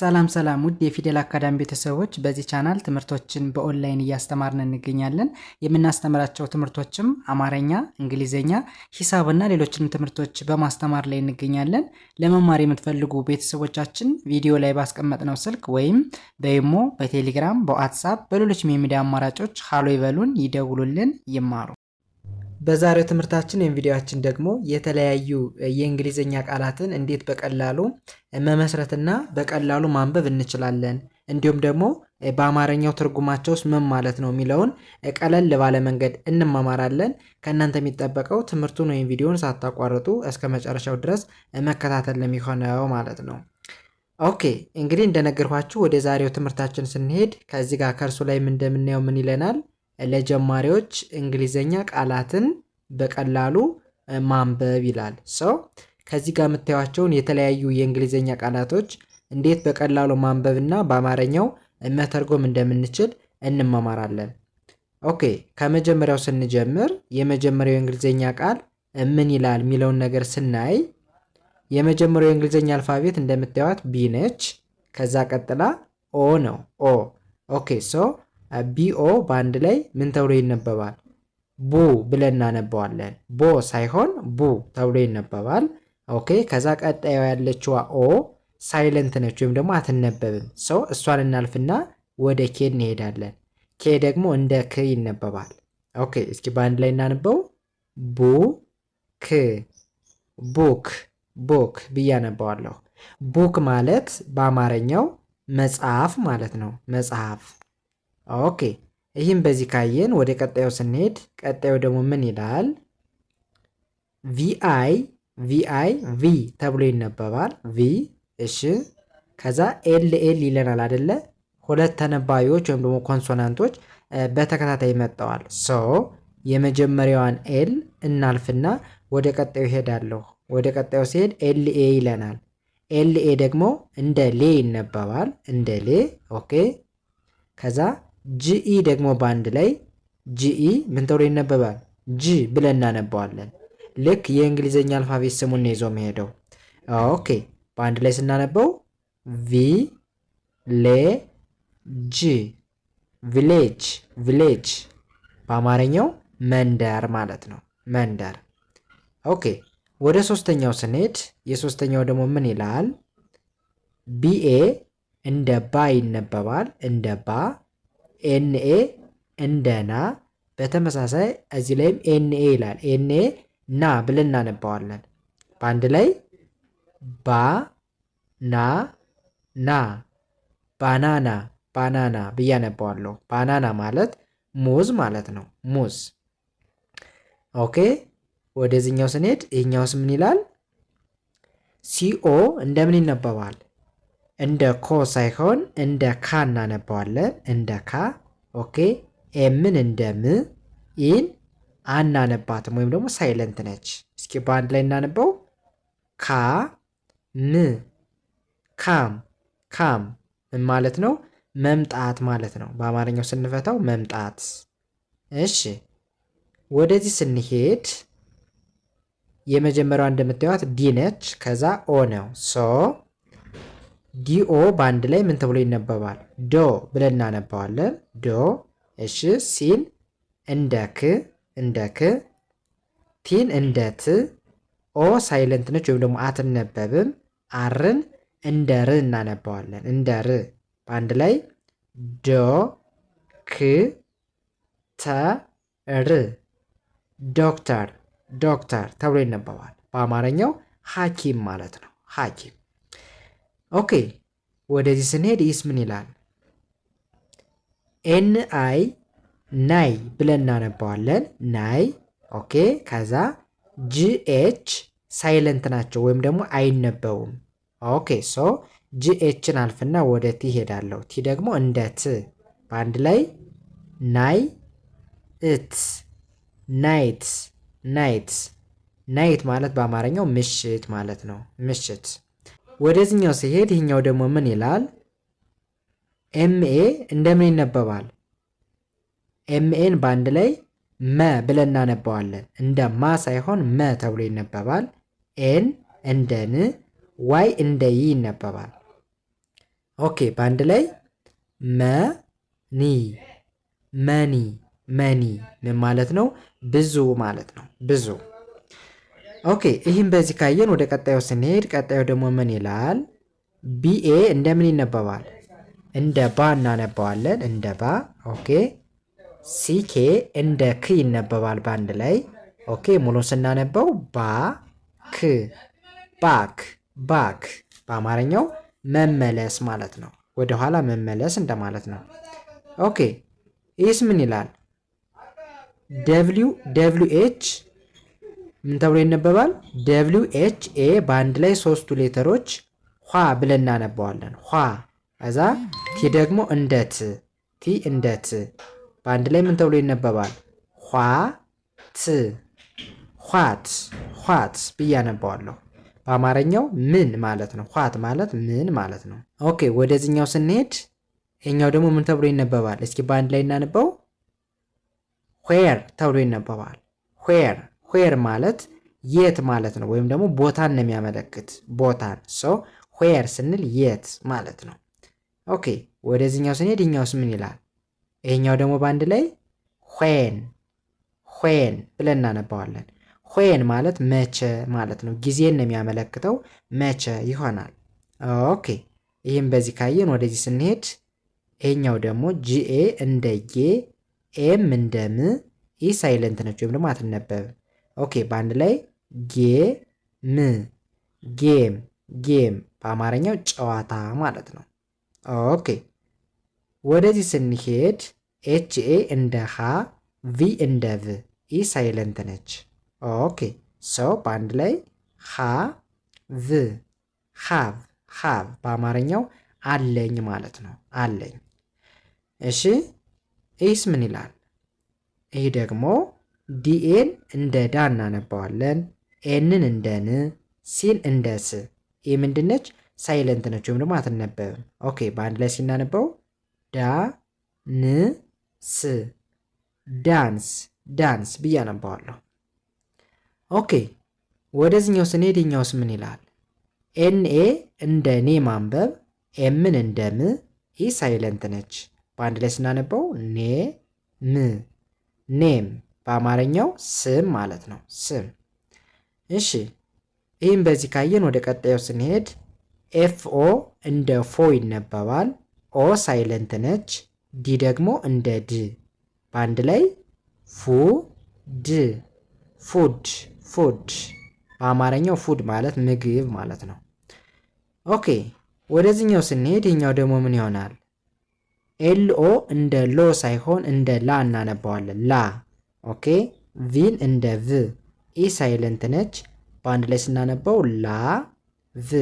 ሰላም ሰላም ውድ የፊደል አካዳሚ ቤተሰቦች፣ በዚህ ቻናል ትምህርቶችን በኦንላይን እያስተማርን እንገኛለን። የምናስተምራቸው ትምህርቶችም አማርኛ፣ እንግሊዝኛ፣ ሂሳብና ሌሎችንም ትምህርቶች በማስተማር ላይ እንገኛለን። ለመማር የምትፈልጉ ቤተሰቦቻችን ቪዲዮ ላይ ባስቀመጥነው ስልክ ወይም በይሞ፣ በቴሌግራም፣ በዋትሳፕ፣ በሌሎች የሚዲያ አማራጮች ሀሎ ይበሉን፣ ይደውሉልን፣ ይማሩ። በዛሬው ትምህርታችን ወይም ቪዲዮችን ደግሞ የተለያዩ የእንግሊዝኛ ቃላትን እንዴት በቀላሉ መመስረትና በቀላሉ ማንበብ እንችላለን እንዲሁም ደግሞ በአማርኛው ትርጉማቸው ውስጥ ምን ማለት ነው የሚለውን ቀለል ባለ መንገድ እንማማራለን። ከእናንተ የሚጠበቀው ትምህርቱን ወይም ቪዲዮን ሳታቋርጡ እስከ መጨረሻው ድረስ መከታተል ለሚሆነው ማለት ነው። ኦኬ እንግዲህ እንደነገርኳችሁ ወደ ዛሬው ትምህርታችን ስንሄድ ከዚህ ጋር ከእርሱ ላይ እንደምናየው ምን ይለናል ለጀማሪዎች እንግሊዘኛ ቃላትን በቀላሉ ማንበብ ይላል። ሰው ከዚህ ጋር የምታዩቸውን የተለያዩ የእንግሊዘኛ ቃላቶች እንዴት በቀላሉ ማንበብና በአማርኛው መተርጎም እንደምንችል እንመማራለን። ኦኬ ከመጀመሪያው ስንጀምር የመጀመሪያው የእንግሊዘኛ ቃል ምን ይላል የሚለውን ነገር ስናይ የመጀመሪያው የእንግሊዘኛ አልፋቤት እንደምታዩት ቢ ነች። ከዛ ቀጥላ ኦ ነው ኦ ኦኬ ሶ ቢኦ በአንድ ላይ ምን ተብሎ ይነበባል? ቡ ብለን እናነባዋለን። ቦ ሳይሆን ቡ ተብሎ ይነበባል። ኦኬ። ከዛ ቀጣዩ ያለችዋ ኦ ሳይለንት ነች ወይም ደግሞ አትነበብም። ሰው እሷን እናልፍና ወደ ኬ እንሄዳለን። ኬ ደግሞ እንደ ክ ይነበባል። ኦኬ። እስኪ በአንድ ላይ እናነበው። ቡ ክ ቡክ ቡክ ብዬ አነባዋለሁ። ቡክ ማለት በአማርኛው መጽሐፍ ማለት ነው። መጽሐፍ ኦኬ ይህም በዚህ ካየን ወደ ቀጣዩ ስንሄድ ቀጣዩ ደግሞ ምን ይላል? ቪአይ ቪአይ ቪ ተብሎ ይነበባል። ቪ እሺ፣ ከዛ ኤል ኤል ይለናል አደለ? ሁለት ተነባቢዎች ወይም ደግሞ ኮንሶናንቶች በተከታታይ መጠዋል። ሶ የመጀመሪያዋን ኤል እናልፍና ወደ ቀጣዩ ሄዳለሁ። ወደ ቀጣዩ ሲሄድ ኤል ኤ ይለናል። ኤል ኤ ደግሞ እንደ ሌ ይነበባል። እንደ ሌ ኦኬ። ከዛ ጂኢ ደግሞ በአንድ ላይ ጂኢ ምን ተብሎ ይነበባል? ጂ ብለን እናነባዋለን። ልክ የእንግሊዝኛ አልፋቤት ስሙን ይዞ መሄደው። ኦኬ በአንድ ላይ ስናነበው ቪ ሌ ጂ ቪሌጅ ቪሌጅ በአማርኛው መንደር ማለት ነው። መንደር። ኦኬ ወደ ሶስተኛው ስንሄድ የሶስተኛው ደግሞ ምን ይላል? ቢኤ እንደ ባ ይነበባል። እንደ ባ ኤንኤ እንደ ና በተመሳሳይ እዚህ ላይም ኤንኤ ይላል። ኤንኤ ና ብለን እናነባዋለን። በአንድ ላይ ባ ና ና ባናና ባናና ብዬ አነባዋለሁ። ባናና ማለት ሙዝ ማለት ነው። ሙዝ ኦኬ። ወደዚህኛው ስንሄድ ይህኛውስ ምን ይላል? ሲኦ እንደምን ይነበባል? እንደ ኮ ሳይሆን እንደ ካ እናነባዋለን። እንደ ካ ኦኬ። ኤምን እንደ ም፣ ኢን አናነባትም ወይም ደግሞ ሳይለንት ነች። እስኪ በአንድ ላይ እናነበው። ካ ም ካም። ካም ምን ማለት ነው? መምጣት ማለት ነው። በአማርኛው ስንፈታው መምጣት። እሺ ወደዚህ ስንሄድ የመጀመሪያዋ እንደምታዩት ዲ ነች። ከዛ ኦ ነው ሶ ዲኦ በአንድ ላይ ምን ተብሎ ይነበባል? ዶ ብለን እናነባዋለን። ዶ እሺ። ሲን እንደ ክ እንደ ክ፣ ቲን እንደ ት፣ ኦ ሳይለንት ነች ወይም ደግሞ አትነበብም። አርን እንደ ር እናነባዋለን። እንደ ር በአንድ ላይ ዶ ክ ተ ር ዶክተር ዶክተር ተብሎ ይነበባል። በአማርኛው ሐኪም ማለት ነው። ሐኪም ኦኬ ወደዚህ ስንሄድ ይስ ምን ይላል? ኤን አይ ናይ ብለን እናነባዋለን። ናይ ኦኬ። ከዛ ጂኤች ሳይለንት ናቸው ወይም ደግሞ አይነበቡም። ኦኬ ሶ ጂኤችን አልፍና ወደ ቲ ሄዳለሁ። ቲ ደግሞ እንደ ት በአንድ ላይ ናይ እት ናይት ናይት ናይት ማለት በአማርኛው ምሽት ማለት ነው። ምሽት ወደዚህኛው ሲሄድ ይህኛው ደግሞ ምን ይላል? ኤምኤ እንደምን ይነበባል? ኤምኤን በአንድ ላይ መ ብለን እናነባዋለን። እንደ ማ ሳይሆን መ ተብሎ ይነበባል። ኤን እንደ ን፣ ዋይ እንደ ይ ይነበባል። ኦኬ በአንድ ላይ መ ኒ መኒ መኒ ምን ማለት ነው? ብዙ ማለት ነው። ብዙ ኦኬ ይህም በዚህ ካየን ወደ ቀጣዩ ስንሄድ ቀጣዩ ደግሞ ምን ይላል? ቢኤ እንደምን ይነበባል? እንደ ባ እናነባዋለን። እንደ ባ። ኦኬ ሲኬ እንደ ክ ይነበባል በአንድ ላይ ኦኬ። ሙሉ ስናነበው ባ ክ ባክ ባክ፣ በአማርኛው መመለስ ማለት ነው። ወደኋላ መመለስ እንደማለት ነው። ኦኬ ይህስ ምን ይላል? ደብሊው ደብሊው ኤች ምን ተብሎ ይነበባል? ደብሊው ኤች ኤ በአንድ ላይ ሶስቱ ሌተሮች ኋ ብለን እናነበዋለን። ኋ እዛ ቲ ደግሞ እንደት ቲ እንደት በአንድ ላይ ምን ተብሎ ይነበባል? ኋ ት ኋት ኋት ብዬ አነባዋለሁ። በአማርኛው ምን ማለት ነው? ኋት ማለት ምን ማለት ነው? ኦኬ ወደዚህኛው ስንሄድ ይሄኛው ደግሞ ምን ተብሎ ይነበባል? እስኪ በአንድ ላይ እናንበው። ዌር ተብሎ ይነበባል። ዌር ዌር ማለት የት ማለት ነው፣ ወይም ደግሞ ቦታን ነው የሚያመለክት ቦታን። ሶ ዌር ስንል የት ማለት ነው። ኦኬ ወደዚህኛው ስንሄድ ይኛውስ ምን ይላል? ይሄኛው ደግሞ በአንድ ላይ ሆን ሆን ብለን እናነባዋለን። ሆን ማለት መቼ ማለት ነው። ጊዜን ነው የሚያመለክተው መቼ ይሆናል። ኦኬ ይህም በዚህ ካየን ወደዚህ ስንሄድ ይሄኛው ደግሞ ጂኤ እንደ ጌ ኤም እንደ ም ኢ ሳይለንት ነች ወይም ደግሞ አትነበብም። ኦኬ በአንድ ላይ ጌም ጌም ጌም በአማርኛው ጨዋታ ማለት ነው። ኦኬ ወደዚህ ስንሄድ ኤች ኤ እንደ ሃ ቪ እንደ ቭ ኢ ሳይለንት ነች። ኦኬ ሰው በአንድ ላይ ሃ ቭ ሃቭ ሃቭ በአማርኛው አለኝ ማለት ነው። አለኝ። እሺ ይህስ ምን ይላል? ይህ ደግሞ ዲኤን እንደ ዳ እናነባዋለን። ኤንን እንደ ን፣ ሲን እንደ ስ። ይህ ምንድነች? ሳይለንት ነች ወይም ደግሞ አትነበብም። ኦኬ በአንድ ላይ ሲናነበው ዳ ን ስ ዳንስ ዳንስ ብዬ አነባዋለሁ። ኦኬ ወደዚህኛው ስንሄድ ይኛውስ ምን ይላል? ኤንኤ እንደ ኔ ማንበብ ኤምን እንደ ም፣ ይህ ሳይለንት ነች። በአንድ ላይ ስናነበው ኔ ም ኔም በአማርኛው ስም ማለት ነው። ስም እሺ። ይህም በዚህ ካየን ወደ ቀጣዩ ስንሄድ ኤፍኦ እንደ ፎ ይነበባል። ኦ ሳይለንት ነች። ዲ ደግሞ እንደ ድ በአንድ ላይ ፉ ድ ፉድ ፉድ በአማርኛው ፉድ ማለት ምግብ ማለት ነው። ኦኬ ወደዚህኛው ስንሄድ ይህኛው ደግሞ ምን ይሆናል? ኤልኦ እንደ ሎ ሳይሆን እንደ ላ እናነባዋለን። ላ ኦኬ ቪን እንደ ቭ ኢ ሳይለንት ነች። በአንድ ላይ ስናነበው ላ ቭ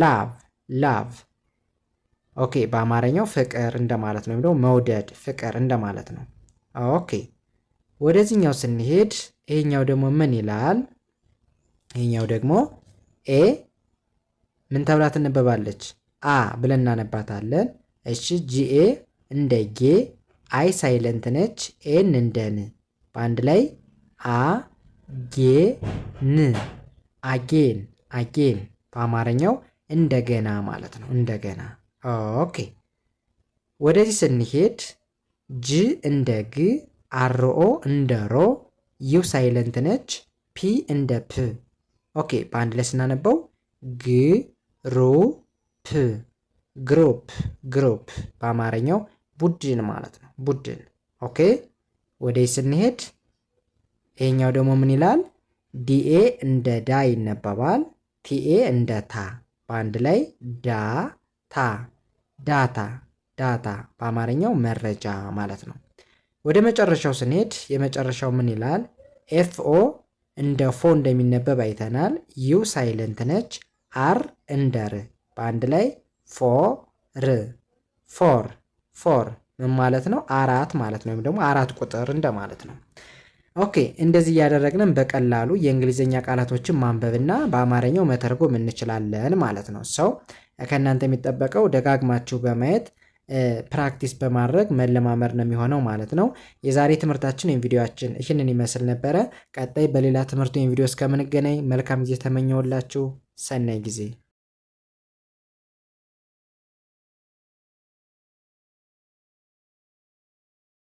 ላቭ ላቭ። ኦኬ በአማርኛው ፍቅር እንደማለት ነው። ወይም መውደድ ፍቅር እንደማለት ነው። ኦኬ ወደዚህኛው ስንሄድ ይሄኛው ደግሞ ምን ይላል? ይሄኛው ደግሞ ኤ ምን ተብላ ትነበባለች? አ ብለን እናነባታለን። እሺ ጂኤ እንደ ጌ አይ ሳይለንት ነች። ኤን እንደ ን በአንድ ላይ አ ጌ ን አጌን አጌን በአማርኛው እንደገና ማለት ነው። እንደገና ኦኬ። ወደዚህ ስንሄድ ጅ እንደ ግ፣ አርኦ እንደ ሮ፣ ዩ ሳይለንት ነች፣ ፒ እንደ ፕ። ኦኬ በአንድ ላይ ስናነበው ግ ሩ ፕ ግሩፕ ግሩፕ በአማርኛው ቡድን ማለት ነው። ቡድን ኦኬ ወደ ስንሄድ ይሄኛው ደግሞ ምን ይላል? ዲኤ እንደ ዳ ይነበባል። ቲኤ እንደ ታ በአንድ ላይ ዳ ታ ዳታ ዳታ በአማርኛው መረጃ ማለት ነው። ወደ መጨረሻው ስንሄድ የመጨረሻው ምን ይላል? ኤፍኦ እንደ ፎ እንደሚነበብ አይተናል። ዩ ሳይለንት ነች። አር እንደ ር በአንድ ላይ ፎ ር ፎር ፎር ምን ማለት ነው? አራት ማለት ነው። ወይም ደግሞ አራት ቁጥር እንደማለት ነው። ኦኬ እንደዚህ እያደረግንም በቀላሉ የእንግሊዝኛ ቃላቶችን ማንበብና በአማርኛው መተርጎም እንችላለን ማለት ነው። ሰው ከእናንተ የሚጠበቀው ደጋግማችሁ በማየት ፕራክቲስ በማድረግ መለማመድ ነው የሚሆነው ማለት ነው። የዛሬ ትምህርታችን ወይም ቪዲዮችን ይህንን ይመስል ነበረ። ቀጣይ በሌላ ትምህርት ወይም ቪዲዮ እስከምንገናኝ መልካም ጊዜ ተመኘውላችሁ። ሰናይ ጊዜ